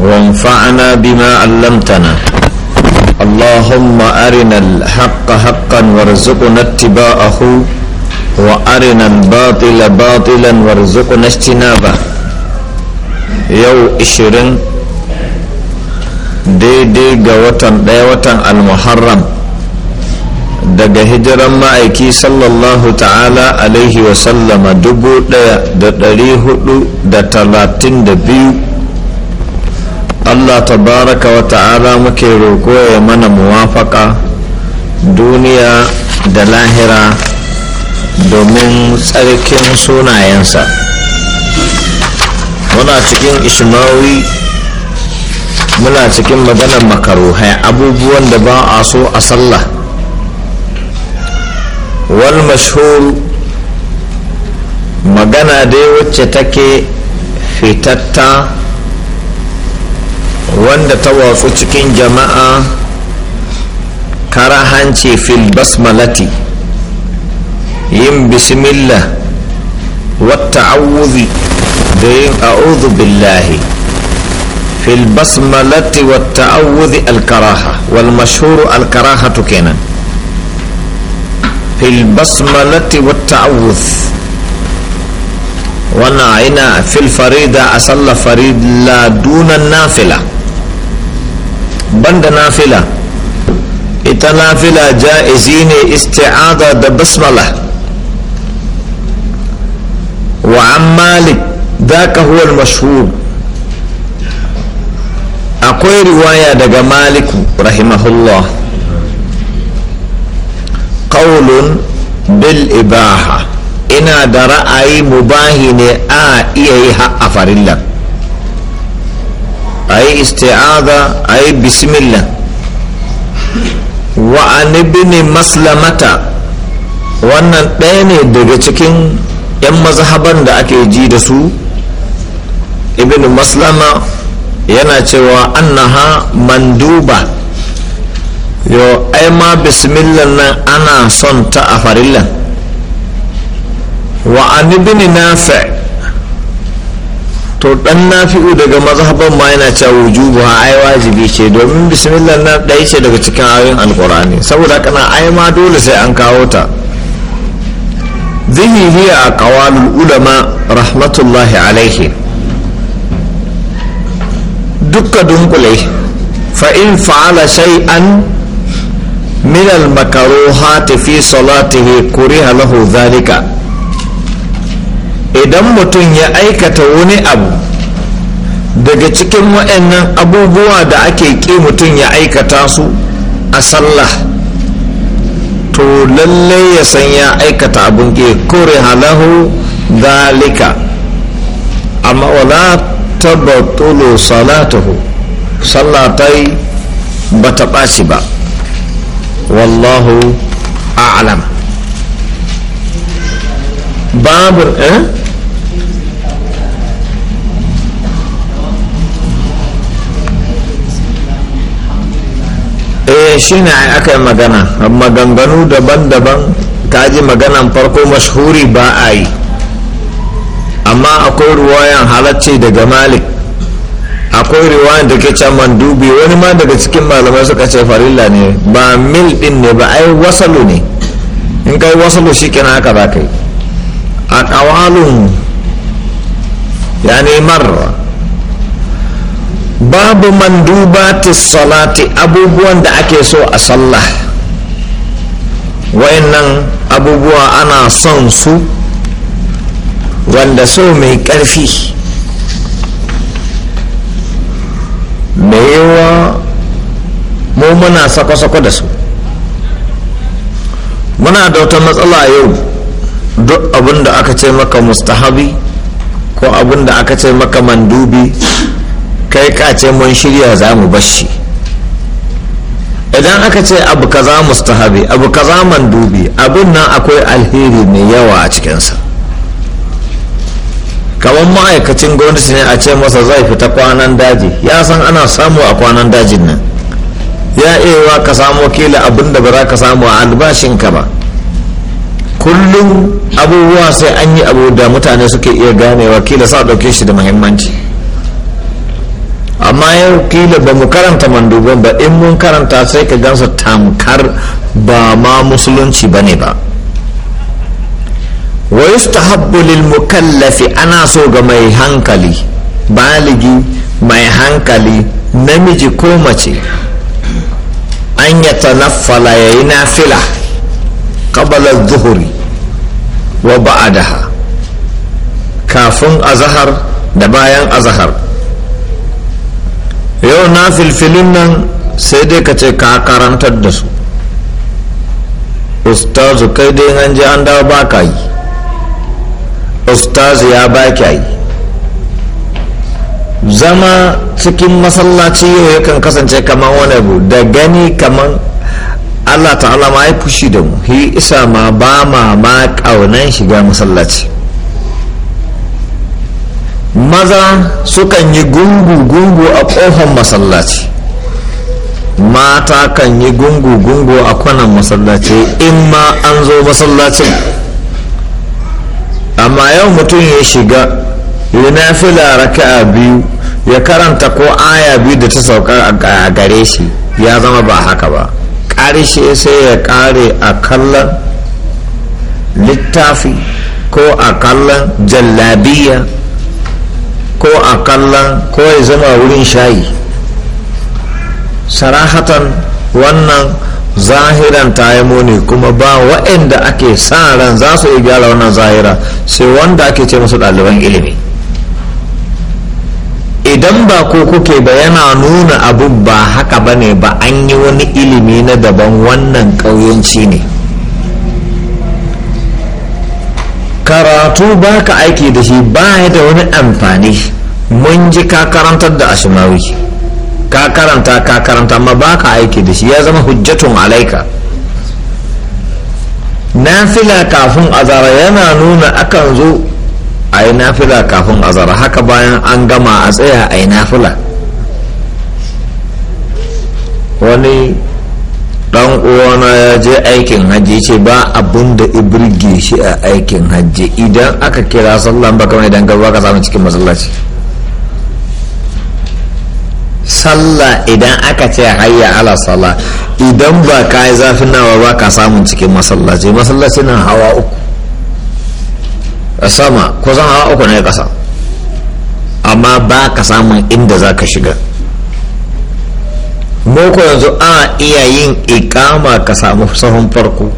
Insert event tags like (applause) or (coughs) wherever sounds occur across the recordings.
وانفعنا بما علمتنا اللهم أرنا الحق حقا وارزقنا اتباعه وأرنا الباطل باطلا وارزقنا اجتنابه يو إشرين daidai ga watan ɗaya watan almuharram daga hijiran ma'aiki sallallahu ta'ala alaihi wasallama dubu ɗaya da ɗari huɗu da talatin da biyu allah ta baraka wa ta'ala muke roko ya mana muwafaka duniya da lahira domin tsarkin sunayensa muna cikin ishmawi muna cikin maganar makaruhai abubuwan da ba a so a sallah wal mashhur magana dai wacce take fitatta wanda ta watsu cikin jama'a karahanci fil basmalati yin bismillah wata awuzi da yin a'udhu billahi fil basmalati wata awuzi alkaraha wal mashhuru alkaraha kenan fil basmalati wata awuzi wannan aina fil farida a sallar farida dunan nafila banda nafila ita nafila ja'izi ne isti'ada da basmala wa an malik ذاك هو المشهور akwai riwaya daga maliku rahimahullah ƙaulun bil ibaha ina da ra'ayi mubahi ne a iya yi a farillar a yi isti'aza a yi bismillah wa anibini maslamata wannan ɗaya ne daga cikin 'yan mazhaban da ake ji da su ibn maslama yana cewa annaha manduba yo ai ma bismillah nan ana son ta a farillan wa an ibn nafi' to dan nafi'u daga mazhaban ma yana cewa wujubu ha ai wajibi ce domin bismillah nan ɗaya ce daga cikin ayoyin alkur'ani saboda kana ai ma dole sai an kawo ta zihi a kawalul ulama rahmatullahi alaihi dukka dunkule fa in fa'ala shay'an min al-makruhati fi salatihi kuriha lahu dhalika idan mutum ya aikata wani abu daga cikin waɗannan abubuwa da ake ƙi mutum ya aikata su a sallah to lallai ya san ya aikata abun ke kore halahu dalika amma wala batulo salatahu sallah ta yi ba ta ɓaci ba wallahu a'lam babur eh eh shi ne aka yi magana maganganu daban-daban ta ji maganan farko mashhuri ba a yi amma akwai ruwayan halacci daga malik akwai ruwayan da ke can dubi wani ma daga cikin malamai suka ce farilla ne ba mil din ne ba ai wasalu ne in kai wasalu shi kina haka ba kai a kawalun ya ne marra babu mandubati salati abubuwan da ake so a sallah wayannan abubuwa ana son su wanda so mai ƙarfi da yawa mu muna sako-sako da su muna da wata matsala yau duk abin da aka ce maka mustahabi ko abin da aka ce maka mandubi kai kace mun shirya za mu bashi idan aka ce abu kaza mustahabi abu kaza mandubi abin nan akwai alheri mai yawa a cikinsa kamar ma'aikacin gwamnati ne a ce masa zai fita kwanan daji ya san ana samu a kwanan dajin nan ya ewa ka samu kila abin da ba za ka samu a albashin ka ba kullum abubuwa sai an yi abu da mutane suke iya ganewa kila sa ɗauke shi da muhimmanci amma yau kila ba mu karanta manduban ba in mun karanta sai ka gansa tamkar ba ma musulunci ba ne ba wa yustahabbu lil mukallafi ana so ga mai hankali baligi mai hankali namiji ko mace an ya tanaffala ya yi nafila qabala zuhuri wa ba'adaha kafin azahar da bayan azahar yau na filfilin nan sai dai ka ce ka karantar da su ustazu kai dai an ji an dawo ba ka yi ustazu ya ba ka yi zama cikin masallaci yau yakan kasance kamar wani abu da gani kamar allah ta'ala ma ya fushi da mu hi isa ma ba ma ma ƙaunan shiga masallaci maza sukan yi gungu-gungu a ƙofar masallaci mata kan yi gungu-gungu a kwanan masallaci in ma an zo masallacin amma yau mutum ya shiga yana fila raka'a biyu ya karanta ko aya biyu da ta sauka a gare shi ya zama ba haka ba ƙarshe sai ya ƙare a kallon littafi ko a kallon jallabiya ko a kallon ko ya zama wurin shayi sarahatan wannan zahiran tayamo ne kuma ba waɗanda ake sa ran za su yi gyara wannan zahira sai wanda ake ce musu ɗaliban ilimi idan ba ko kuke ba yana nuna abu ba haka ba ne ba an yi wani ilimi na daban wannan ƙauyanci ne karatu ba ka aiki da shi ba da wani amfani mun ji ka karantar da ashimawi ka karanta ka karanta amma ba ka aiki da shi ya zama hujjatun alaika nafila kafin azara yana nuna akan zo a yi nafila kafin azara haka bayan an gama a tsaya a yi nafila wani dan uwana ya je aikin hajji ce ba abun da ibirge shi a aikin hajji idan aka kira sallah ba kamar idan gaba ka samu cikin masallaci sallah idan aka ce hayya ala sallah idan ba ka yi zafin nawa ba ka samun cikin masallaci masallaci na hawa uku sama kusan hawa uku ne kasa amma ba ka samun inda za ka shiga boko yanzu a iya yin ikama ka samu sahun farko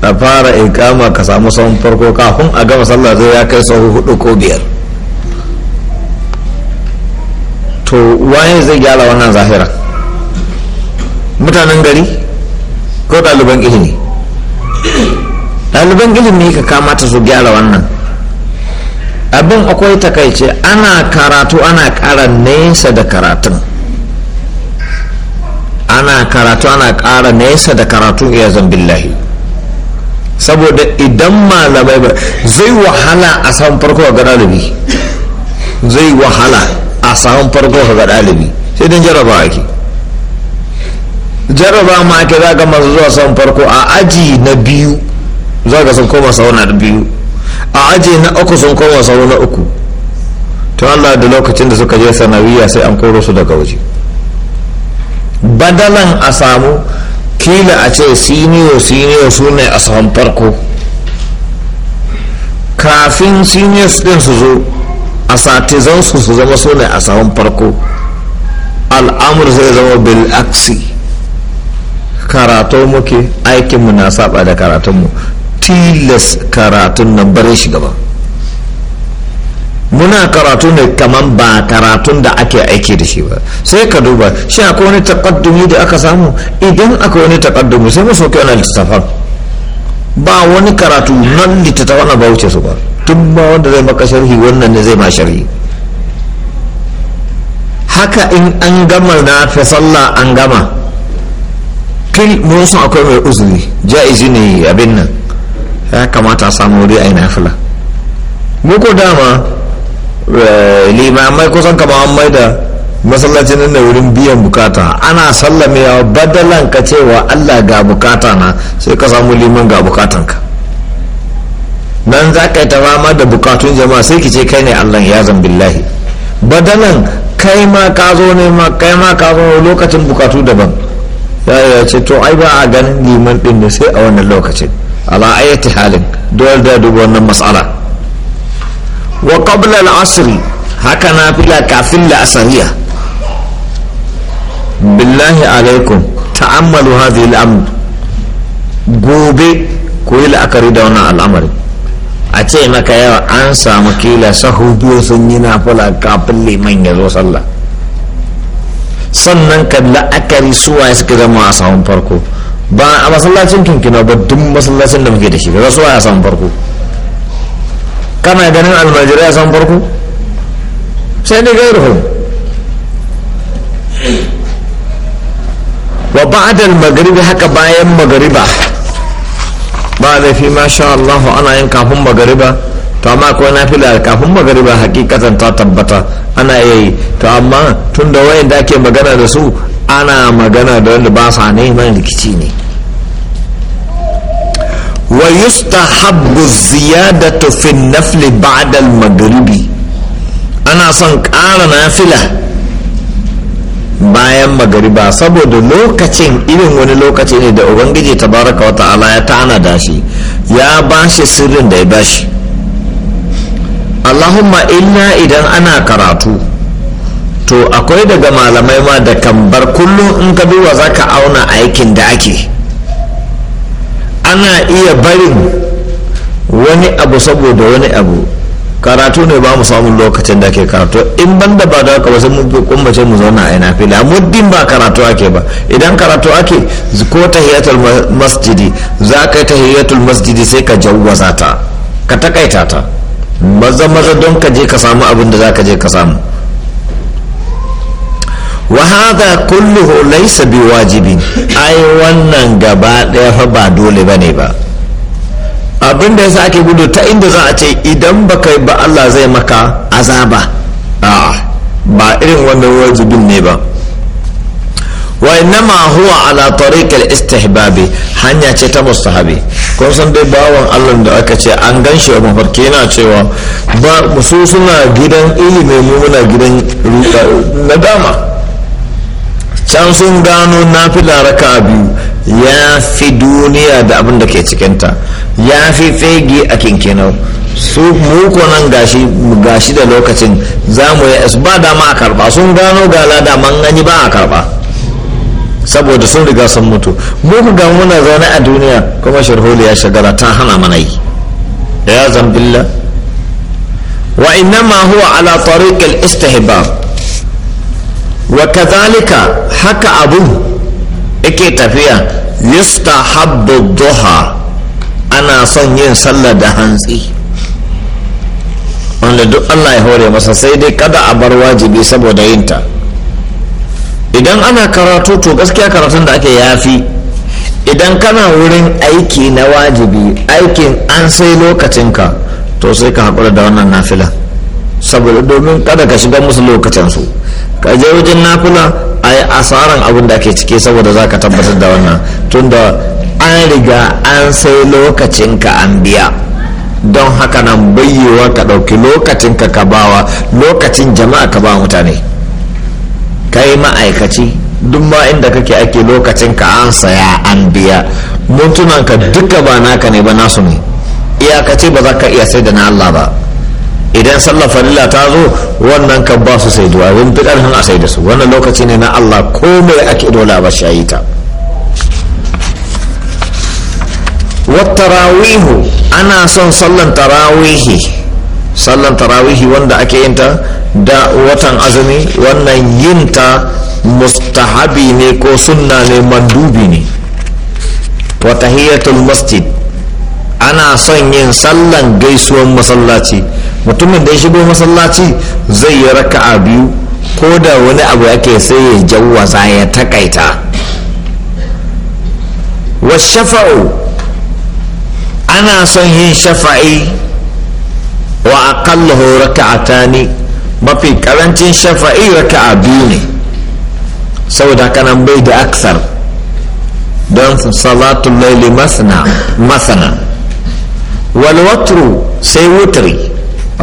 a fara ikama ka samu sahun farko kafin a gama sallah zai ya kai sahu hudu ko biyar to waye zai gyara wannan zahira mutanen gari ko ɗaliban ilimi ɗaliban ilimi ka kamata su gyara wannan abin akwai takaice ana karatu ana ƙara nesa da karatun ana karatu ana kara nesa da karatu iya zambillahi saboda idan malamai ba zai wahala a samun farko ga dalibi zai wahala a samun farko ga dalibi sai don jarraba ake jarraba ma ake za ga masu zuwa samun farko a aji na biyu za ga sun koma sau na biyu a aji na uku sun koma sau na uku to Allah da lokacin da suka je sanawiya sai an koro su daga waje badalan a samu kila a ce siniyo siniyo su ne a samun farko kafin seniors din su zo a satizansu su zama su ne a samun farko al'amur zai zama bil aksi karatu muke aikinmu na saba da karatunmu tilas karatun nan bare shi gaba muna karatu ne kamar ba karatun da ake aiki da shi ba sai ka duba shi akwai wani takaddumi da aka samu idan akwai wani takaddumi sai mu soke wani littattafan ba wani karatu nan littattafan na ba wuce su ba tun ba wanda zai maka sharhi wannan ne zai ma sharhi haka in an gama na fi sallah an gama fil mun san akwai mai uzuri ja'izi ne abin nan ya kamata a samu wuri a yi nafila muku dama Eh, limamai kusan kama an da masallacin nan da wurin biyan bukata ana ya badalan ka cewa allah ga bukata na sai ka samu liman ga bukatan ka nan za ka yi ta fama da bukatun jama'a sai ki ce kai ne allah ya zan billahi badalan kai ma ka zo ne ma kai ma ka zo lokacin bukatu daban ya ya ce to ai ba a ganin liman din ne sai a wannan lokacin ala ayati halin dole da duba wannan mas'ala wa qabla al haka na fila kafin la asariya billahi alaikum ta'ammalu hadhihi al-amr gobe ko yi la'akari da wannan al'amari a ce maka yawa an samu kila sahu biyu sun yi na nafula kafin liman ya zo sallah sannan ka la'akari suwa suka zama a samun farko ba a masallacin kinkina ba duk masallacin da muke da shi ga suwa a samun farko kana ganin almajirai a san farko sai dai gairuhum wa magariba haka bayan magariba ba laifi masha Allah ana yin kafin magariba to amma na nafila kafin magariba hakikatan ta tabbata ana yayi to amma tun da wayan da ake magana da su ana magana da wanda ba sa neman rikici ne wa yustahabbu ziyadatu fi nafli ba'da baadal maghribi ana son ƙara nafila bayan magariba saboda lokacin irin wani lokaci ne da ubangiji tabaraka wa ta'ala ya tana da shi ya bashi sirrin da ya bashi allahumma illa idan ana karatu to akwai daga malamai ma da kan bar kullum in ka duba za ka auna aikin da ake ana iya barin wani abu saboda wani abu karatu ne ba mu samu lokacin da ke karatu in ban da ba da haka wasu mun kumbace mu zauna a ina fila muddin ba karatu ake ba idan karatu ake ko tahiyatul masjidi za ka yi tahiyatul masjidi sai ka jawwaza ta ka takaita ta maza maza don ka je ka samu abin da za ka je ka samu wa hadha kulluhu laysa wajibi ai wannan gaba daya fa ba dole bane ba abin da yasa ake gudu ta inda za a ce idan ba kai ba Allah zai maka azaba a ba irin wannan wajibin ne ba wa innama huwa ala al istihbabi hanya ce ta mustahabi ko san dai bawan Allah da aka ce an ganshi a mafarki yana cewa ba su suna gidan ilimi mu muna gidan nadama can sun gano na fi laraka biyu ya fi duniya da abin da ke cikinta ya fi fege a kinkinau su muku nan gashi da lokacin za mu yi su ba dama a karba sun gano gala dama gani ba a karba saboda sun riga sun mutu muku ga muna zaune a duniya kuma sharholi ya shagara ta hana mana yi ya zambilla wa inna ma huwa ala tariqil istihbab wa kazalika haka abu yake tafiya yustahabbu duha ana son yin sallar da hantsi wanda duk allah ya hore masa sai dai kada a bar wajibi saboda yinta idan ana karatu to gaskiya karatun da ake yafi idan kana wurin aiki na wajibi aikin an sai lokacinka to sai ka haƙura da wannan nafila saboda domin kada ka shiga musu lokacinsu ka je wajen nafila a yi asaran abin da ake cike saboda za ka tabbatar da wannan tunda an riga an sai ka an biya don haka nan bayyewa ka ɗauki lokacin ka ka bawa lokacin jama'a ka ba mutane ka yi ma'aikaci duk ma inda kake ake ka an saya an biya ka duka ba naka ne ba nasu ne iyakace ba za ka iya sai da na allah ba idan sallar farilla ta zo wannan kan ba su sai du'a don fi a sai da su wannan lokaci ne na allah komai ake dole ba shi yi ta wattarawihu ana son sallan tarawihi sallan tarawihi wanda ake yin ta da watan azumi wannan yin ta mustahabi ne ko sunna ne mandubi ne wa tahiyatul masjid ana son yin sallan gaisuwan masallaci mutumin da ya shigo masallaci zai yi raka'a biyu ko da wani abu yake sai ya jawwaza ya takaita shafa'u ana son yin shafa'i wa aqallahu ni mafi karancin shafa'i raka'a biyu ne saboda kanan bai da aksar don salatun laili masana masana walwatru sai wutri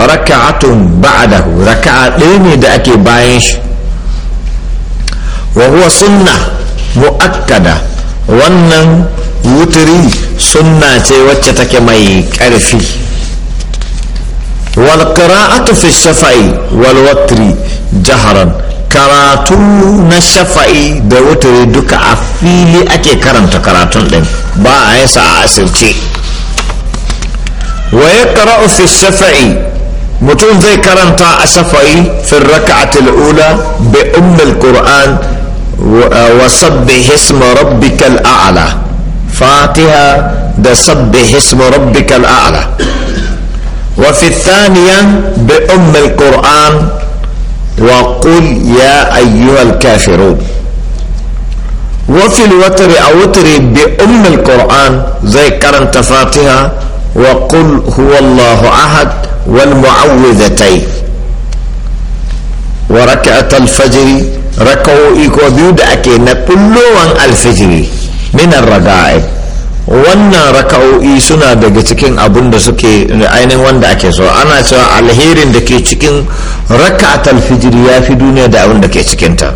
raka'atun ba'dahu raka'a ɗaya ne da ake bayan shi wa huwa sunna mu'akkada wannan wutiri sunna ce wacce take mai ƙarfi wal qira'atu fi shafa'i wal watri jaharan karatu na shafa'i da wutiri duka a fili ake karanta karatun ɗin ba a yasa a asirce wa yaqra'u fi shafa'i متون زي كرنتا أسفعي في الركعة الأولى بأم القرآن آه، وسبح اسم ربك الأعلى فاتها دسبح اسم ربك الأعلى وفي الثانية بأم القرآن وقل يا أيها الكافرون وفي الوتر أوتر بأم القرآن زي كرنت فاتها وقل هو الله أحد والمعوذتين وركعة الفجر ركعوا إيكو بيود أكينا كلوا الفجر من الرقائب wannan raka'o'i suna daga cikin abun da suke ainihin wanda ake so ana cewa alherin da ke cikin raka'atul fijr ya fi duniya da abun da ke cikinta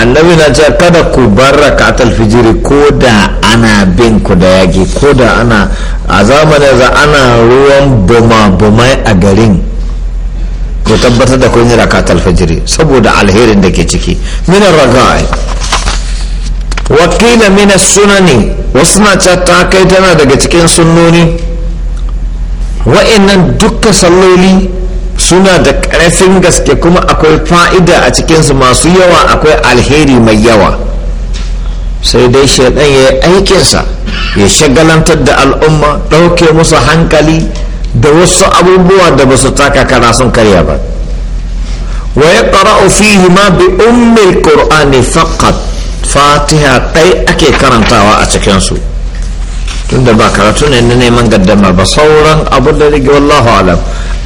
annabi na ce kada ku bar rakatul fijiri ko da ana bin ku da yaki ko da ana a zamanin za ana ruwan bumabumai a garin ku tabbatar da kun yi rakatul fijiri saboda alherin da ke ciki minar raga'i wakila mina sunani wasu na ce ta kai tana daga cikin sunnoni wa'annan dukkan salloli suna da ƙarfin gaske kuma akwai fa'ida a cikinsu masu yawa akwai alheri mai yawa sai dai shaidan ya yi aikinsa ya shagalantar da al'umma ɗauke musu hankali da wasu abubuwa da ba su taka kara sun karya ba wa ya ƙara'u fihi ma bi ummil qur'ani faqat fatiha ɗai ake karantawa a cikinsu tunda ba karatu ne na neman gaddama ba sauran abu da rigi wallahu alam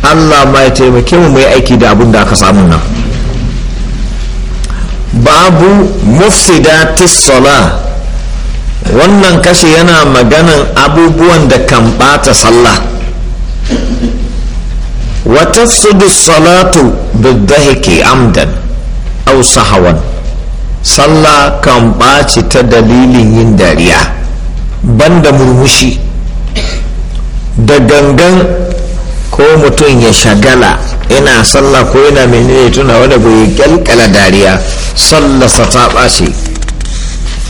allah ma ya taimake mu mai aiki da abin da aka samu nan babu mufsidati sala wannan kashe yana maganan abubuwan da kan bata sallah wata salatu bidahiki amdan au sahawan sallah kan ɓaci ta dalilin yin dariya ban da murmushi da gangan ko mutum ya shagala yana sallah ko yana menene tuna da bai kyalkala dariya sallasa ta ɓace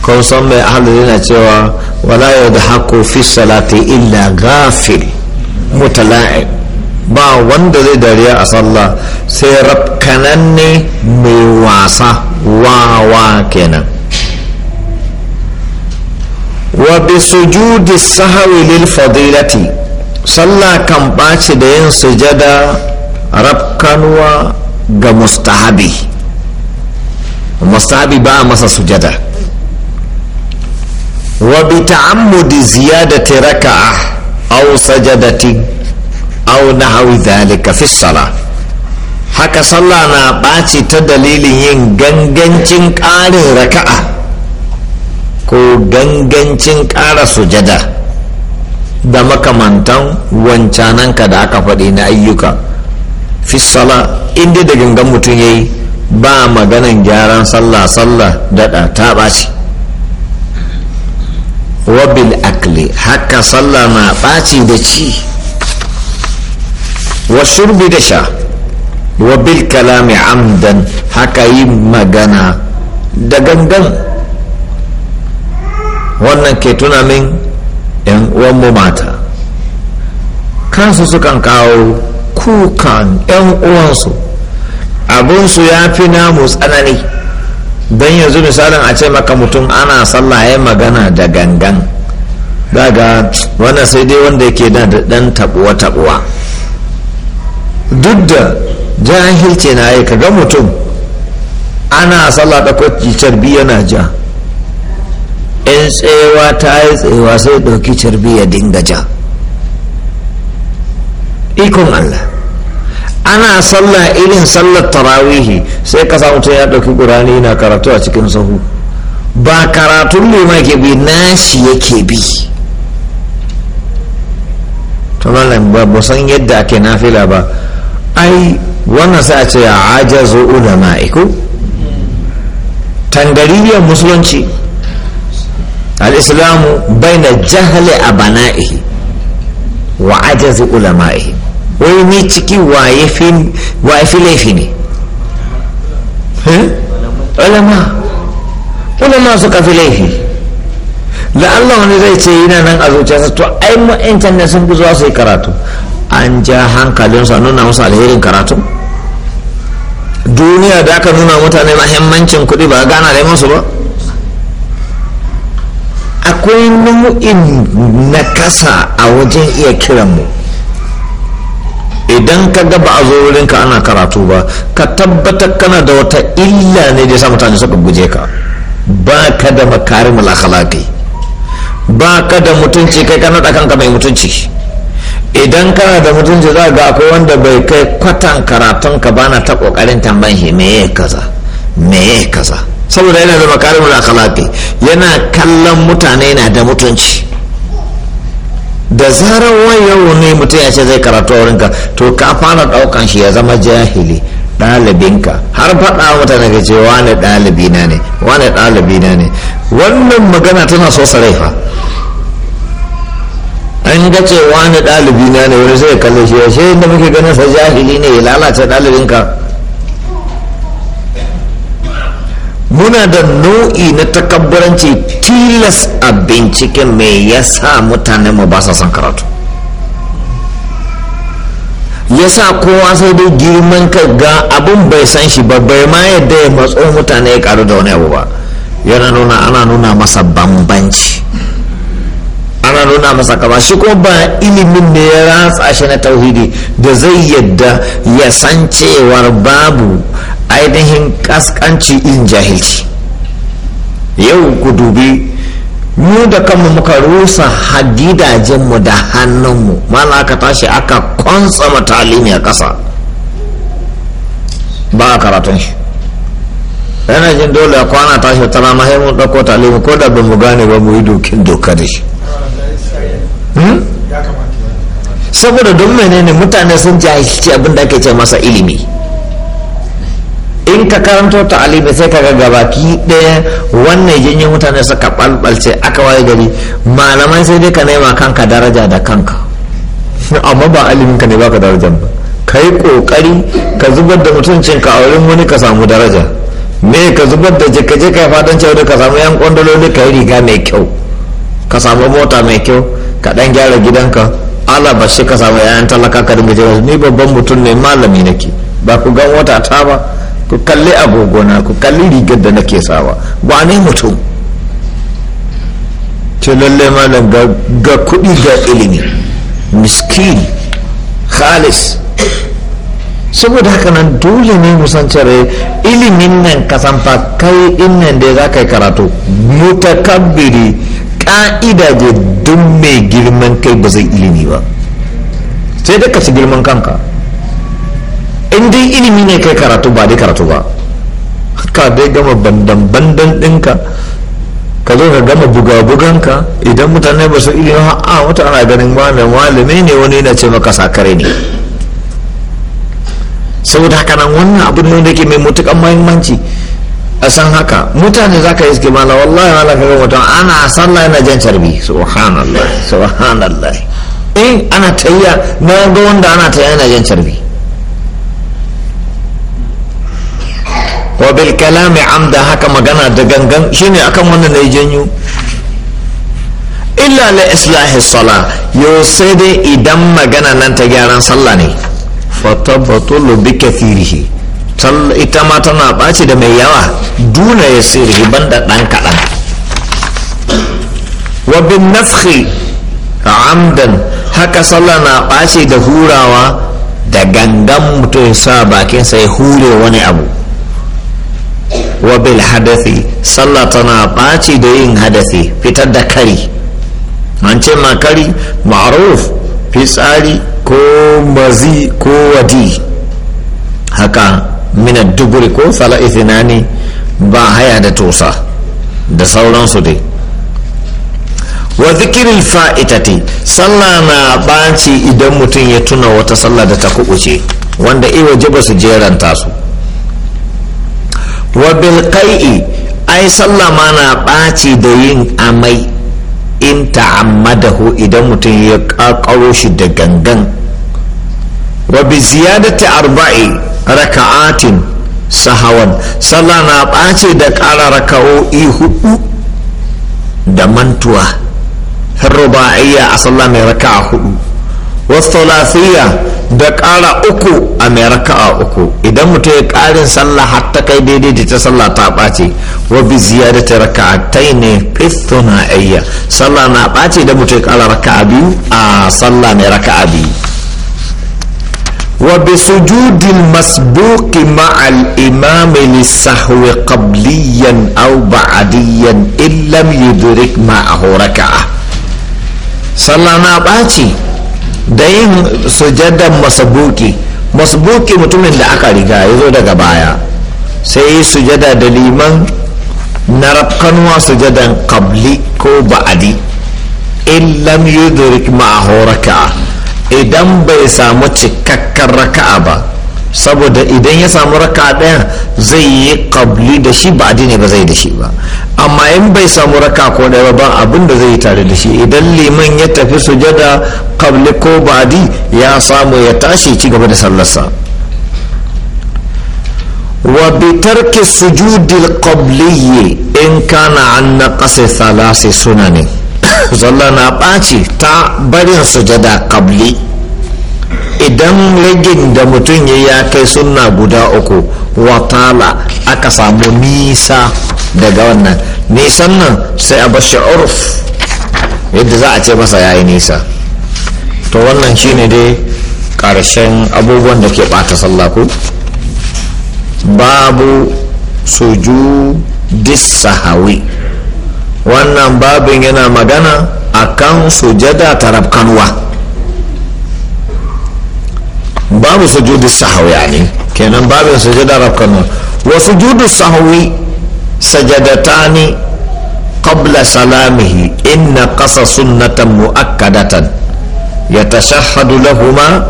ko san mai ahalar yana cewa wala yau da haku fi salati illa gafi mutala'i ba wanda zai dariya a sallah sai rafkananne mai wasa wawa kenan wa bi sujudi sahawi lil fadilati sallah kan ɓaci da yin sujada rafkanuwa ga mustahabi mustahabi ba a masa sujada wa bi ta'ammudi ziyadati raka'a aw sajadati aw nahwi dhalika fi salah haka sallah na ɓaci ta dalilin yin gangancin ƙarin raka'a ko gangancin ƙara sujada da makamantan wancananka da aka faɗi na ayyuka fi sala inda da gangan mutum ya yi ba maganan gyaran sallah sallah daɗa ta ɓaci wabil akli haka sallah na ɓaci da ci wa shurbi da sha wabil kalami amdan haka yi magana da gangan wannan ke tuna min 'yan uwanmu mata kansu sukan kawo kukan 'yan uwansu abinsu ya fi namu tsanani don yanzu misalin a ce maka mutum ana sallah ya magana da gangan daga wannan sai dai wanda yake da dan tabuwa-tabuwa duk da jahilci na ka ga mutum ana sallah da kwacicar biyu yana ja in tsewa ta yi tsewa sai ɗauki carbi ya dinga ja ikon allah ana sallah irin sallar tarawihi sai ka samu ya ɗauki ƙurani na karatu a cikin sahu ba karatun lima ke bi nashi yake bi tunanin ba ba san yadda ake nafila ba ai wannan sai a ce ajazo ulama iku tangariyar musulunci al'islamu bai na jahale a bana'ihi wa ajazi ulama'ihi wai ni ciki ya fi laifi ne ulama ulama suka fi laifi da Allah wani zai ce yana nan a zuciyarsa to ai mu intanet sun bi zuwa su yi karatu an ja hankalinsu a nuna musu alherin karatu duniya da aka nuna mutane mahimmancin kuɗi ba gana da masu ba akwai nau'in kasa a wajen iya kiranmu idan ka gaba a zo wurinka ana karatu ba ka tabbatar kana da wata illa ne da ya sa mutane suka guje ka ba ka da makarim akhlaqi ba ka da mutunci kai kana da kanka mai mutunci idan kana da mutunci za ga akwai wanda bai kai kwatan karatunka ba na ta kokarin tambayin shi me kaza me kaza saboda yana da makarimul akhlaqi yana kallon mutane na da mutunci da zarar wayo ne mutum ya ce zai karatu ka to ka fara daukan shi ya zama jahili ɗalibinka har faɗa mutane ka ce wane ɗalibina ne wane ɗalibina ne wannan magana tana so sarai fa an ga ce wane ɗalibina ne wani zai kalle shi ya shi inda muke ganin sa jahili ne ya lalace ɗalibinka muna da nau'i na takabburanci tilas a bincike mai ya sa mutanen mu ba sa son karatu ya sa kowa sai dai girman ka ga abin bai san shi ba bai ma yadda ya matso mutane ya karu da wani abu ba yana nuna ana nuna masa bambanci ana nuna masa kama shi kuma ba ilimin da ya ratsa shi na tauhidi da zai yadda ya san cewar babu ainihin kaskanci in jahilci yau ku dubi mu da kanmu muka rusa gidajenmu da hannunmu mana aka tashi aka konsama talimi a ƙasa ba a karatun shi yana jin dole a kwana tashi tana mahimmin ɗauko talimi ko da ba gane ba mu yi dokin doka da shi hmm? saboda don menene mutane sun jahilci abin da ake ce masa ilimi in ka karanto alibi sai ka ga baki ɗaya wannan janyen mutane suka balbalce aka waye gari malaman sai dai ka nema kanka daraja da kanka amma ba alimin ka ne baka daraja ba ka yi kokari ka zubar da mutuncin ka a wani ka samu daraja me ka zubar da jikaje ka fadan cewa ka samu yan kwandaloli ka yi riga mai kyau ka samu mota mai kyau ka dan gyara gidanka ala bashi ka samu yayan talaka ka dinga jira ni babban mutum ne malami nake ba ku gan wata ta ba ku kalli agogona ku kalli rigar da nake sawa ba ne mutum ce lalle malam ga kuɗi ga ilimi miskin khalis saboda haka nan dole ne musancere ilimin nan kasan fa kai in nan da za ka yi karatu mutakabbiri ka'ida da duk mai girman kai ba zai ilimi ba sai da ka ci girman kanka in dai ilimi ne kai karatu ba dai karatu ba ka dai gama bandan bandan dinka ka zo ka gama buga-buganka idan mutane ba su ilimi a wata ana ganin malam malami ne wani yana ce maka sakare ne saboda haka nan wannan abin ne da ke mai mutukan mahimmanci a san haka mutane za ka suke mana wallahi wala ka mutum ana sallah yana jan carbi subhanallah subhanallah in eh, ana tayya na ga wanda ana tayya yana jan carbi wa bil kalami amda haka magana da gangan shine akan wannan ne janyo illa la islahi sala yo sai dai idan magana nan ta gyaran sallah ne fa tabatulu bi kathirihi ita ma tana baci da mai yawa duna ya sirri banda ɗan kaɗan wa bin nafhi amdan haka sallah na baci da hurawa da gangan mutum sa bakinsa ya hure wani abu wa bil hadathi sallah tana ɓaci da yin hadathi fitar da kari an ce ma kari ma'ruf fitsari ko mazi ko wadi haka minar duburi ko fala ne ba haya da tosa da sauransu dai wa zikirin fa'itati sallah na ɓaci idan mutum ya tuna wata sallah da ta kuɓuce wanda iwaje ba su jeranta su wa bilqai'i ai sallama na ɓaci da yin amai in ta'ammadahu idan mutum ya ƙaƙaro shi da gangan wa bi ziyadati arba'i raka'atin sahawan sallah na ɓace da ƙara raka'o'i hudu da mantuwa ruba'iyya a sallah mai raka'a hudu wastolasiyya da ƙara uku a mai raka'a uku idan mutum ya ƙarin sallah har ta kai daidai da ta sallah ta ɓace wa bi ta raka'atai ne na ayya sallah na ɓace da mutum ya ƙara raka'a biyu a sallah mai raka'a biyu wa bi sujudil masbuqi ma'al imami lisahwi qabliyan aw ba'diyan illam yudrik ma'ahu a sallah na ɓace da yin sujadan masabuki masabuki mutumin da aka riga ya zo daga baya sai yi sujada da liman na rafkanuwa sujadan kabli ko ba'adi in lam yudrik ma'ahu raka'a idan bai samu cikakken raka'a ba saboda idan ya samu raka ɗaya zai yi kabli da shi ba ne ba zai da shi ba amma in bai samu raka ko ɗaya ba abin da zai yi tare da shi idan liman ya tafi sujada kabli ko ba ya samu ya tashi ci gaba da sallarsa wa bi tarki sujudil qabliyyi in kana an naqasi suna sunani (coughs) zalla na ɓaci ta barin sujada kabli idan ragin da mutum ya ya kai sunna guda uku watala aka samu nisa daga wannan nisan nan sai a bashi uruf yadda za a ce masa ya yi nisa to wannan shine dai ƙarshen abubuwan da ke ɓata sallaku babu sujudis sahawi wannan babin yana magana akan sujada tarabkanwa babu sujudi sahwi yani kenan babin sujada rafkanu wa sujudu sahwi sajadatani qabla salamihi inna qasa sunnatan muakkadatan yatashahhadu lahuma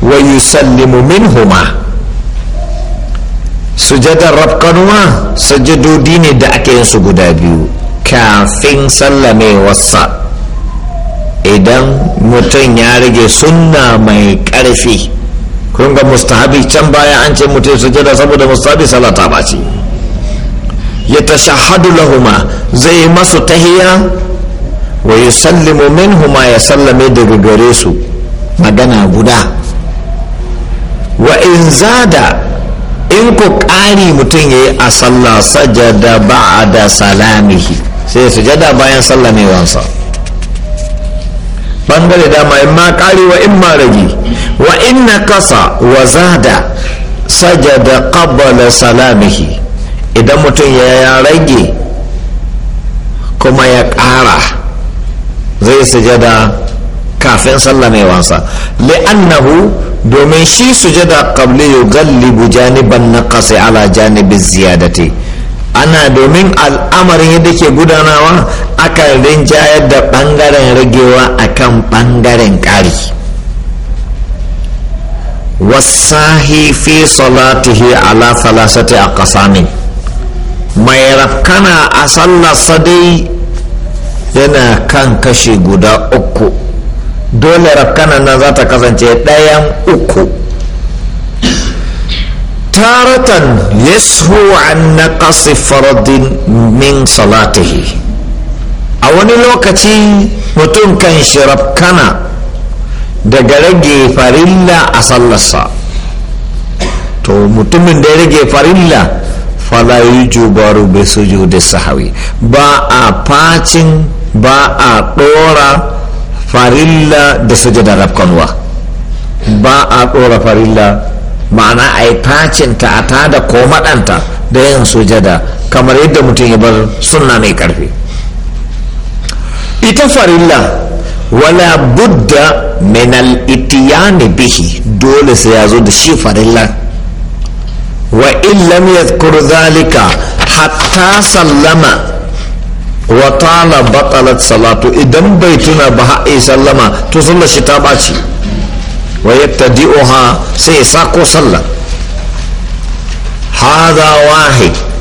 wa yusallimu minhuma sujadar rafkanuwa sajadodi ne da ake yin su guda biyu kafin sallame wasa, idan mutum ya rage sunna mai ƙarfi kun ga mustahabi can baya an ce mutum sujada saboda mustahabi salata ba ce ya tashahadu lahuma zai yi masu tahiya wa min huma ya sallame daga gare su magana guda wa in zada in ku ƙari mutum ya yi a sallah sajada ba'ada salamihi sai sujada bayan sallamewansa bangare dama in ma kari wa in ma rage wa in na kasa wa zada sajada qabala salamihi idan mutum ya rage kuma ya kara zai sujada kafin sallamewansa li'annahu domin shi sujada qabli yughallibu janiban naqasi ala janibi ziyadati ana domin al'amarin yadda ke gudanawa akan rinjayar da ɓangaren ragewa akan ɓangaren ƙari wasahi fi salatihi ala falasati a ne mai rafkana a sallarsa dai yana kan kashe guda uku dole rafkana na za ta kasance ɗayan uku taratan yashu an naqasi faradin min salatihi a wani lokaci mutum kan shirafkana daga rage farilla a sallarsa to mutumin da ya rage farilla falayi yi jubaru bai da sahawi ba a facin ba a ɗora farilla da sujada rafkanwa ba a ɗora farilla ma'ana a yi ta a tada ko maɗanta da yin sujada kamar yadda mutum ya bar sunna mai ƙarfi ita farilla wala budda minal itiyani bihi dole sai ya zo da shi farilla wa lam yadhkur dhalika hatta sallama wa tala batalat salatu idan bai tuna ba ha'i sallama to sallar shi ta baci wa yabtadi'uha sai sako sallah hadha wahid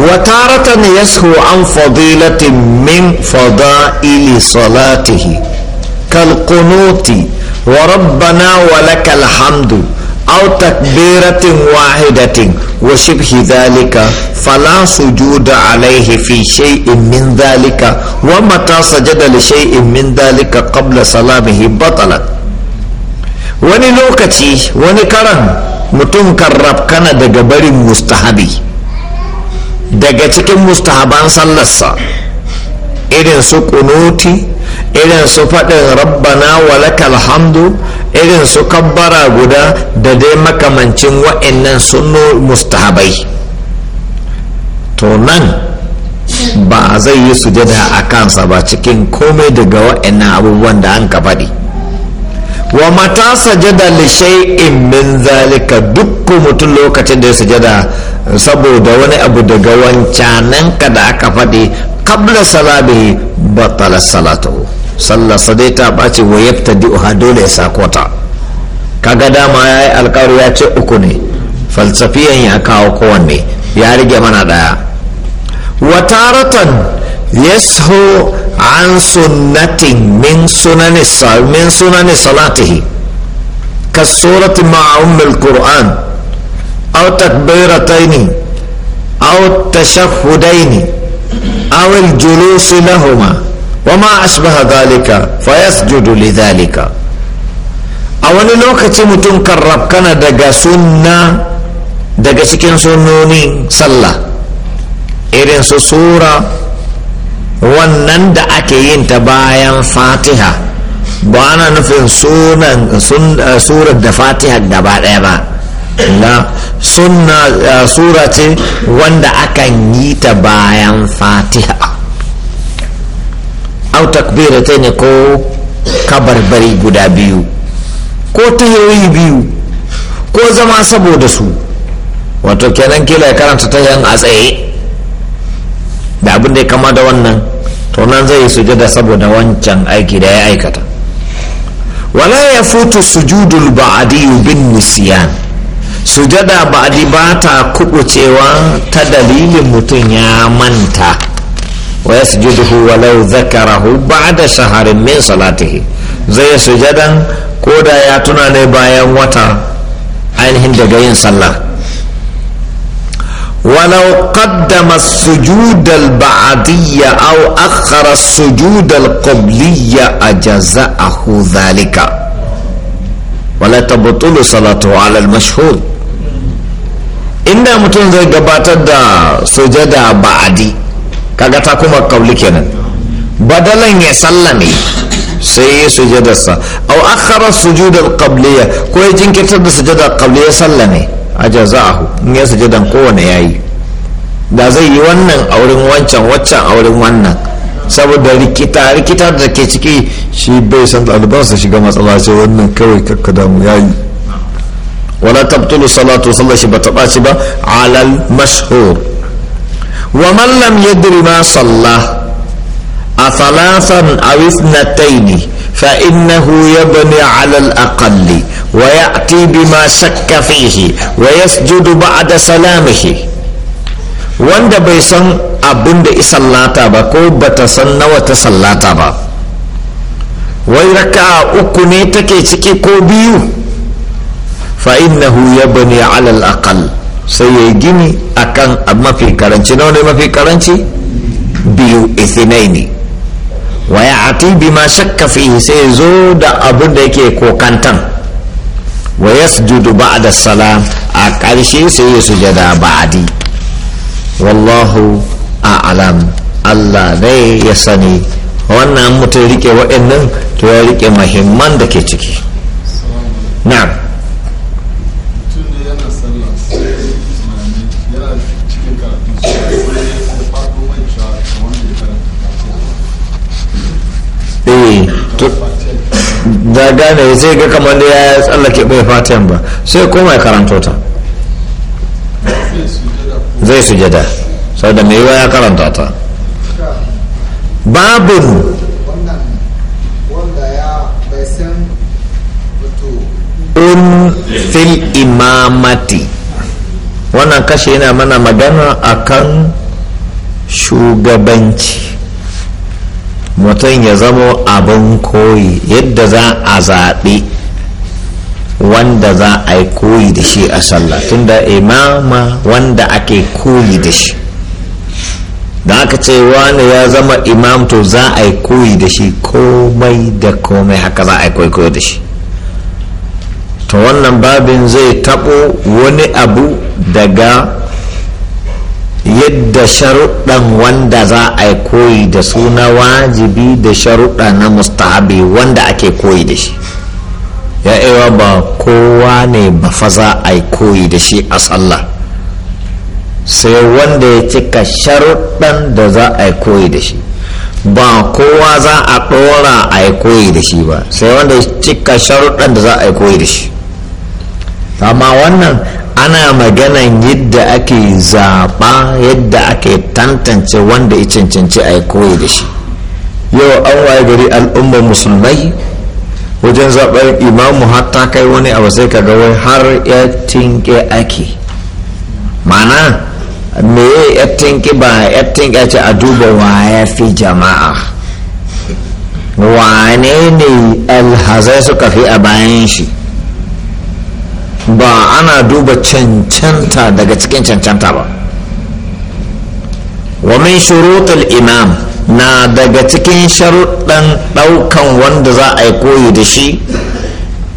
وتارة يسهو عن فضيلة من فضائل صلاته كالقنوت وربنا ولك الحمد أو تكبيرة واحدة وشبه ذلك فلا سجود عليه في شيء من ذلك ومتى سجد لشيء من ذلك قبل سلامه بطلت وني لوكتي وني كرم متنكر ربكنا دقبر مستحبي daga cikin mustahaban sallarsa irin su kunuti irin su faɗin rabbana walakal hamdu irin su kabbara guda da dai makamancin wa'annan sunno mustahabai to nan ba zai yi sujada a kansa ba cikin komai daga wa'annan abubuwan da an ka faɗi wa mata sajada da in min zalika dukkan mutum lokacin da ya sajada saboda wani abu daga wancananka ka da aka faɗi kabla salami batala salatu sallar sadai ta ɓace wa ha dole ya sakota kaga dama ya yi alkawari ya ce uku ne falsafiyan ya kawo kowanne ya rage mana ɗaya wataratan yasho عن سنة من سنن من سنن صلاته كالسورة مع أم القرآن أو تكبيرتين أو التشهدين أو الجلوس لهما وما أشبه ذلك فيسجد لذلك أو أن lokaci mutum كرب كان daga sunna daga صلى sunnoni سورة wannan da ake yin ta bayan fatiha ba ana nufin eh, surar da fatiha gaba ɗaya ba na sunna eh, sura ce wanda akan yi ta bayan fatiha au takbira ta ne ko kabarbari guda biyu ko tayoyi biyu ko zama saboda su wato kenan kila ya karanta ta yan a tsaye da abin da ya kama da wannan to nan zai sujada saboda wancan aiki da ya aikata wala ya futu sujudul ba'adiyu bin nisiyan sujada ba'adi ba ta kubucewa ta dalilin mutum ya manta wa ya sujuduhu walau zakarahu ba'da shaharin min salatihi zai sujadan ko da ya tuna ne bayan wata ainihin daga yin sallah ولو قدم السجود البعدي او اخر السجود القبلي اجزاه ذلك ولا تبطل صلاته على المشهود ان متون زي غباتر ده سجدا بعدي كغا تا كما قولي كده بدلا ان يسلمي سي سجدة او اخر السجود القبلي كو يجين كتر سجدا قبلي يسلمي ajaza'ahu in ya sujudan kowane yayi da zai yi wannan auren wancan waccan auren wannan saboda rikita rikita da ke ciki shi bai san ɗaliban su shiga matsala ce wannan kawai kakkada ya yayi wala tabtulu salatu sallar shi bata ɓaci ba alal mashhur wa man lam yadri ma sallah a awis na taini فإنه يبني على الأقل ويأتي بما شك فيه ويسجد بعد سلامه wanda bai san abin da isallata ba ko bata san nawa ta sallata ba wai raka uku ne take ciki ko biyu fa innahu yabni ala aqal sai ya gini akan mafi karanci nawa ne mafi karanci biyu ithnaini wa ya ati ma shakka fihi sai zo da abun da yake kokantan wa yasjudu ba'da salam a ƙarshe sai ya sujada ba'adi wallahu a'lam Allah dai ya sani wannan mutum rike waɗannan to ya rike mahimman da ke ciki na'am da gane zai ga kamar da ya tsallake bai fatiyan ba sai kuma ya karanto ta zai sujada sau da mai ya karanta ta babu un fil imamati wannan kashe yana mana magana akan shugabanci mutum ya zamo abin koyi yadda za a zaɓi wanda za a yi koyi da shi a sallah tunda imama wanda ake koyi da shi da aka ce wani ya zama imam to za a yi koyi da shi komai da komai haka za a yi koyi da shi to wannan babin zai taɓo wani abu daga yadda sharuɗan wanda za a yi koyi da suna wajibi da sharuɗa na mustahabi wanda ake koyi da shi ya ewa ba kowa ne ba fa za a yi koyi da shi a sallah sai wanda ya cika sharuɗan da za a yi koyi da shi ba kowa za a ɗora a yi koyi da shi ba sai wanda ya cika sharuɗan da za a yi koyi da shi amma wannan ana maganan yadda ake zaɓa yadda ake tantance wanda ya cancanci a koyi da shi yau an waye gari al'umma musulmai wajen zaɓar imamu hatta kai wani abu sai kaga wai har ya tinke ake mana me ya tinke ba ya tinke ce a duba wa ya fi jama'a wane ne alhazai suka fi a bayan shi ba ana duba cancanta daga cikin cancanta ba wa min shurutul imam na daga cikin sharuɗan ɗaukan wanda za a yi koyi da shi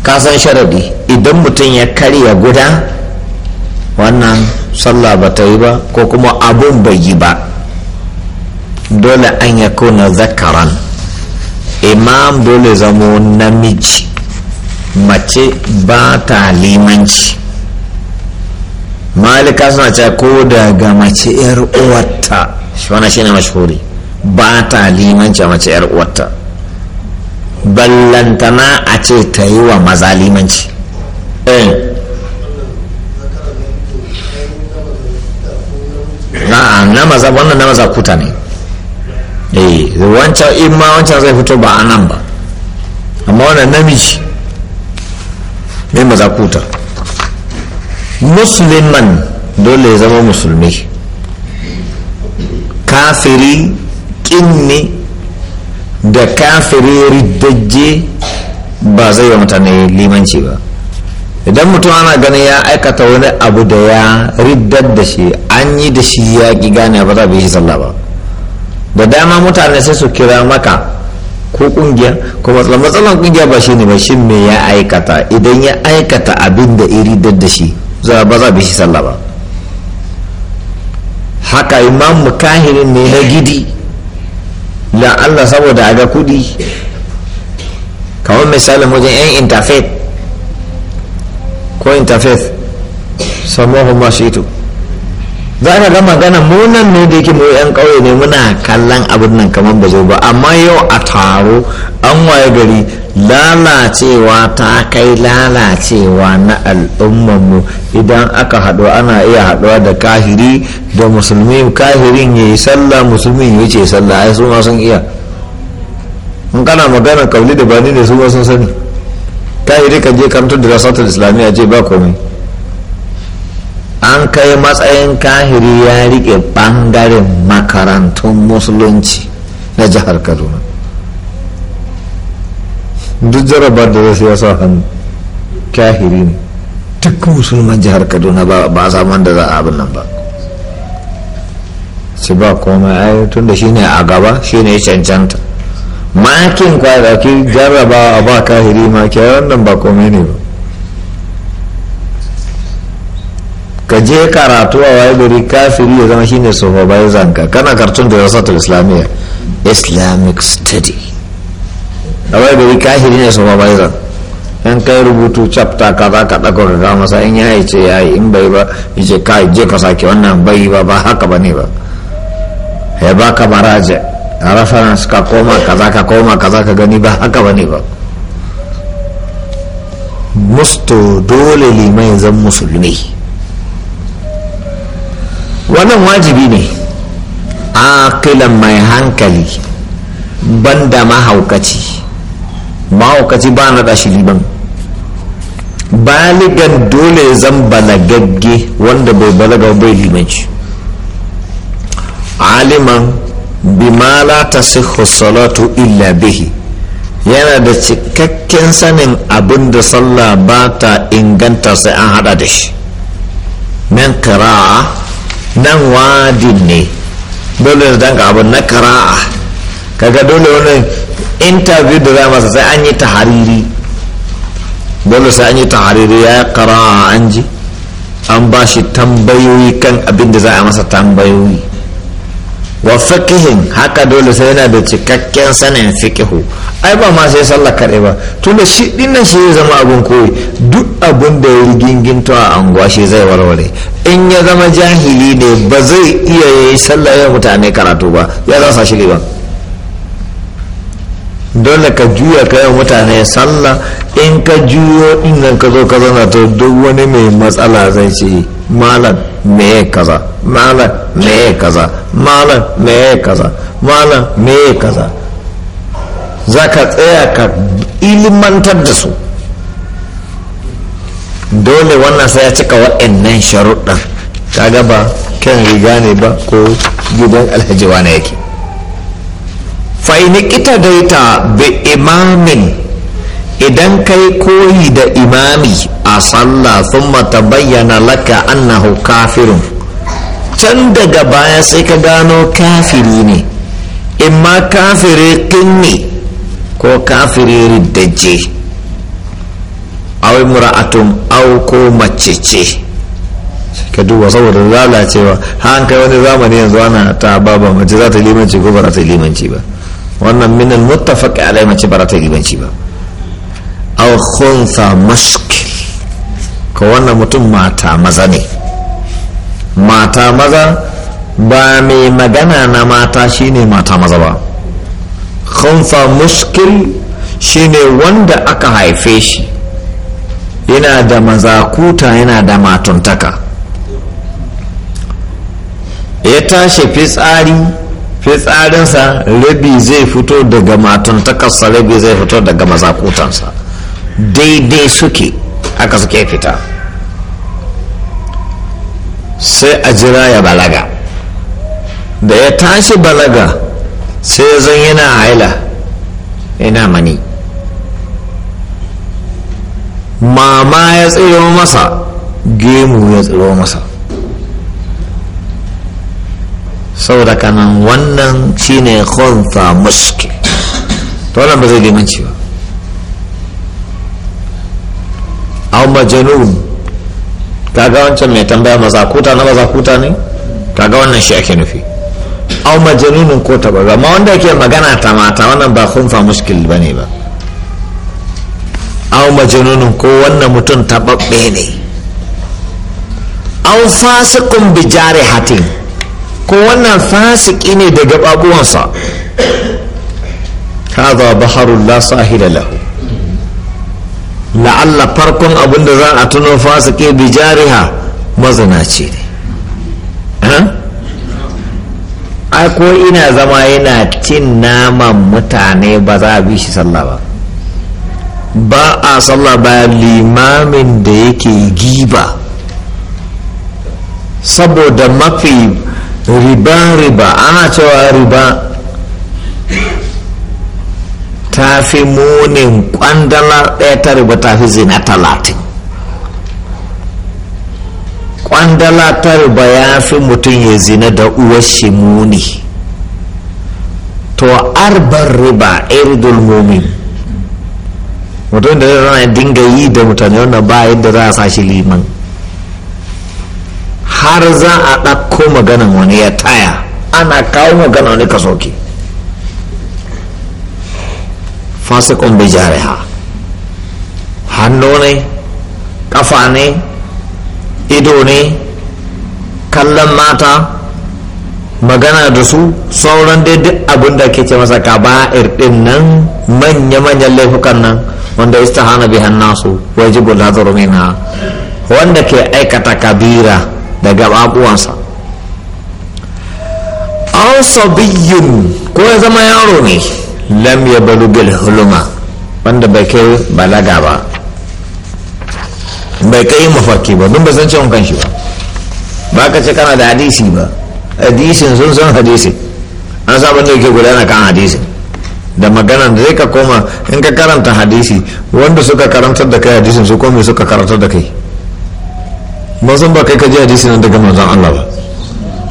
kasan sharaɗi idan mutum ya karya guda wannan sallah ba ta yi ba ko kuma abun bai yi ba dole an ya kuna zakaran imam dole zamo namiji mace ba ta limanci malika suna cewa ko daga mace yar uwarta shi ne mashhuri ba ta limanci a mace yar uwarta ballantana a ce ta yi wa maza limanci eh. na maza wannan na maza kuta ne eh, wancan in ma wancan zai fito ba a nan ba amma wannan namiji mai mazakuta musulman dole ya zama musulmi kafiri kinni da kafiri riddaje ba zai wa mutane limanci ba idan mutum ana ganin ya aikata wani abu da ya riddar da shi an yi da shi ya ƙi gane ba za bi shi sallah ba da dama mutane sai su kira maka ko kungiya ko matsala matsalan kungiya ba shine ba shin me ya aikata idan ya aikata abin da iri da shi za ba za bi shi sallah ba haka imam mukahirin ne na gidi la Allah saboda ga kudi kamar misalin wajen yan interfaith ko interfaith samuwa ma shi za ka ga magana mu nan ne da yake mu yan kauye ne muna kallon abin nan kamar ba zo ba amma yau a taro an waye gari lalacewa ta kai lalacewa na al'ummanmu idan aka haɗu ana iya haɗuwa da kahiri da musulmi kahirin ya yi sallah musulmi ya ce sallah ai su ma sun iya in kana magana kauli da bani ne su ma sun sani kahiri kan je kantar da rasatar islamiyya ce ba komai an kai matsayin kahiri ya rike bangaren makarantun musulunci na jihar kaduna duk jarabar da zai ya sa hannu kahiri ne duk musulman jihar kaduna ba a saman da za a abin nan ba ci ba komai yi tun da ne a gaba shi ne cancanta makin kwanaki jarabawa ba kahiri ma ke wannan ba komai ne ba ka je karatu a waye gari kafiri ya zama shine supervisor ka kana karatun da rasatul islamiyya islamic study a waye gari kafiri ne supervisor yan kai rubutu chapter kaza ka dako ka ga masa in yayi ce yayi in bai ba yace kai je ka saki wannan bai ba ba haka bane ba ya ka maraje a reference ka koma kaza ka koma kaza ka gani ba haka bane ba musto dole liman zan musulmi wannan wajibi ne kilan mai hankali banda mahaukaci mahaukaci ba na da shi liban baligan dole zan balagagge wanda bai balaga bai limanci aliman ma la salatu illa bihi yana da cikakken sanin abin da sallah ba ta inganta sai an hada da shi nan qira'a nan wajib ne dole su danka abu na kara'a kaga dole wani interview da za masa sai an yi ta hariri dole sai an yi ta hariri ya kara'a an ji an ba shi tambayoyi kan abin da za a masa tambayoyi wa fakihin haka dole sai yana da cikakken sanin fikihu ai ba ma sai sallah kaɗai ba da shi dinnan shi ya zama abin koyi duk abin da ya riginginto a anguwa shi zai warware in ya zama jahili ne ba zai iya yi sallah ya mutane karatu ba ya rasa shi ba dole ka juya ka yi mutane sallah in ka juyo dinnan ka zo ka zana to duk wani mai matsala zai ce malam me kaza malam me kaza malam me kaza malam me kaza za ka tsaya ka ilimantar da su dole wannan sai ya cika wa'annan sharuɗa kaga ba kyan riga ne ba ko gidan alhaji wane yake fainikita ita daita bi imamin idan kai koyi da imami a sallah thumma tabayyana laka annahu kafirun can daga baya sai ka gano kafiri ne in ma kafiri kinni ko kafiri riddaje awai mura'atun au ko mace ce ka duba saboda lalacewa hankali wani zamani yanzu ana ta baba mace za ta limanci ko ba za ta limanci ba wannan minan mutafaƙi alai mace ba za ta limanci ba au khunsa mashk ko wannan mutum mata maza ne mata maza ba mai magana na mata shine mata maza ba khunfa muskil shine wanda aka haife shi yana da mazakuta yana da matuntaka ya tashi fitsari fitsarinsa rabi zai fito daga matuntakarsa rabi zai fito daga mazakutansa daidai suke aka suke fita sai a jira ya balaga da ya tashi balaga sai ya zan yana haila yana mani mama ya tsiro masa gemu ya tsiro masa saboda kanan wannan shine khunfa muskil to wannan ba zai ba a janun kaga wancan mai tambaya kuta na kuta ne kaga wannan shi ake nufi au majanunun ko ga ma wanda ke magana ta mata wannan ba kunfa muskil ba ne ba au majanunun ko wannan mutum tababbe ne au fasikun jari hatin ko wannan fasiki ne daga babuwansa hadha baharul la sahila lahu la'alla farkon abinda da za a tuno fasike bi jariha ce ne eh? ko ina zama yana cin naman mutane ba za a bi shi sallah ba ba a sallah ba limamin da yake giba saboda mafi riba-riba ana cewa riba ta fi munin kwandala ɗaya ta riba ta fi zina talatin kwandala ta riba ya fi mutum ya zina da uwar shi muni to arbar riba iridul mumin mutum da zai dinga yi da mutane wanda ba yadda za a sa shi liman har za a ɗakko maganan wani ya taya ana kawo maganan wani ka soke fasikun bi ha hannu ne kafa ne ido ne kallon mata magana da su sauran dai duk abin da ke ce masa kaba'ir din nan manya-manyan laifukan nan wanda hana bi hannasu wajibul hadru minha wanda ke aikata kabira daga babuwansa an sabiyyun ko ya zama yaro ne lam ya balu bil huluma wanda bai kai balaga ba bai kai mafarki ba don ba san ciwon kanshi ba ba ka ce kana da hadisi ba hadisin sun san hadisi an sa abin da yake gudana kan hadisi da magana da zai ka koma in ka karanta hadisi wanda suka karantar da kai hadisin su kome suka karantar da kai ba san ba kai ka ji hadisi nan daga manzon Allah ba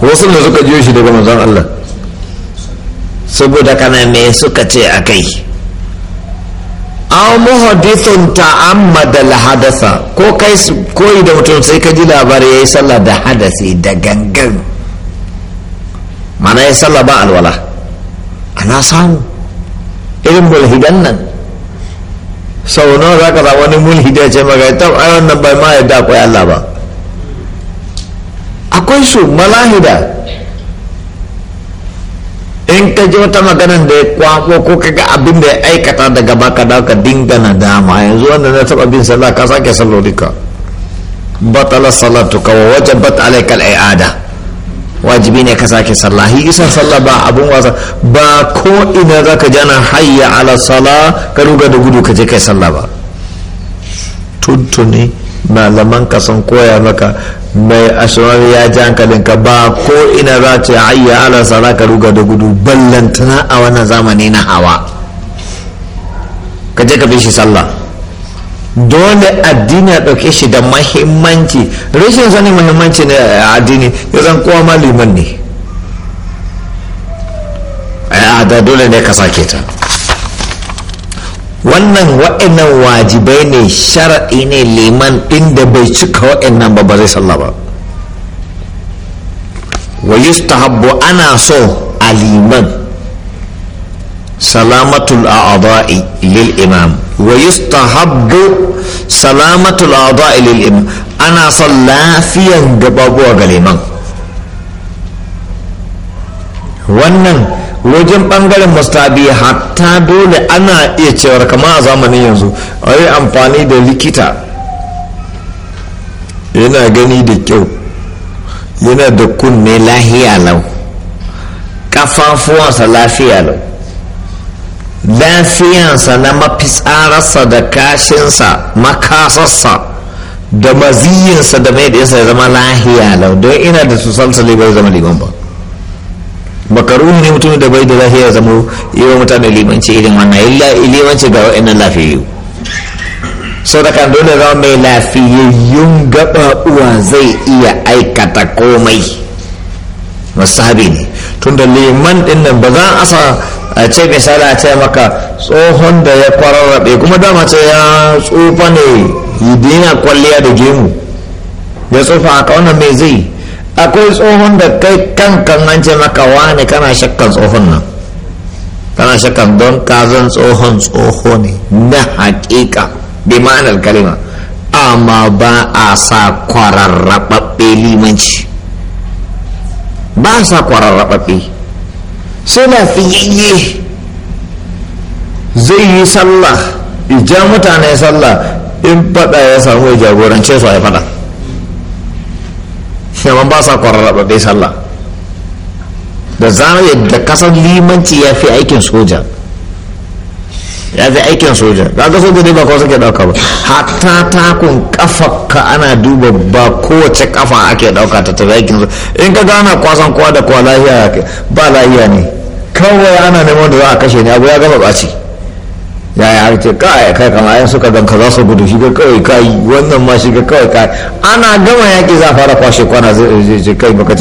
wasu ne suka jiyo shi daga manzon Allah saboda kana me suka ce a kai an muhadithun ta'ammada hadasa ko kai koyi da mutum sai ka ji labari ya yi sallah da hadasi da gangan mana ya sallah ba alwala ana samu irin mulhidan nan sau nawa za ka za wani mulhida ce maka ta ai wannan bai ma yadda akwai allah ba akwai su malahida in ka ji wata maganan da ya kwako ko ka ga abin da ya aikata daga baka da ka dinga nadama yanzu wanda na taba bin sallah ka sake sallolika batala ka wa wajabat alaikal i'ada wajibi ne ka sake sallah hi isan sallah ba abun wasa ba ko ina zaka jana hayya ala sala ka ruga da gudu ka je kai sallah ba tuntuni malaman ka san koya maka mai ashirar ya ji ka ba ko ina za ta ayya ala sara ka ruga da gudu tana a wannan zamani na hawa ka je ka bi shi sallah dole addini a ɗauke shi da mahimmanci rashin sani mahimmanci na addini ya zan kowa ma liman ne a da dole ne ka sake ta wannan wa'annan wajibai ne sharaɗi ne liman ɗin da bai cika wa'annan ba ba zai sallah ba wa yustahabbu ana so a liman salamatul a'adha'i lil imam wa yustahabbu salamatul a'adha'i lil imam ana son lafiyan gababuwa ga liman wannan wajen bangaren mustabi hatta dole ana iya cewa kama a zamanin yanzu a yi amfani da likita yana gani da kyau yana da kunne lahiya lau kafafuwansa lafiya lau lafiyansa na mafitsararsa da kashinsa makasarsa da maziyinsa da mai da ya zama lahiya lau don ina da su salsa bai zama liban ba bakaru ne mutum da bai da lafiya zama yi wa mutane limanci irin wannan limanci ga wa'annan lafiyayyu sadaka dole zama mai lafiyayyun gaba uwa zai iya aikata komai musabi ne tun da liman ɗin nan ba za a sa a ce misali a ce maka tsohon da ya kwararrabe kuma dama ce ya tsufa ne dina kwalliya da gemu ya tsufa a kauna mai zai akwai tsohon da kai kankan nan ce maka wane kana shakkan tsohon nan kana shakkan don kazan tsohon tsoho ne na hakika bi ma'anar kalima amma ba a sa kwararraɓaɓɓe limanci ba a sa kwararraɓaɓɓe suna fiyayye zai yi sallah ija mutane sallah in faɗa ya samu jagoranci jagorance su a yi fada shi ba sa kwararraba dai sallah da zarar yadda kasar limanci ya fi aikin soja ya fi aikin soja za ga soja ne ba kawai suke dauka ba hatta takun ka ana duba ba kowace kafa ake dauka ta tafi aikin soja in ka gana kwasan kowa da kowa lahiya ba lahiya ne kawai ana neman da za a kashe ne abu ya gaba ɓaci ya yi ka kawai kai kama yan suka ka za su gudu shiga kawai kai wannan ma shiga kawai kai ana gama yaki za a fara kwashe kwana zai kai baka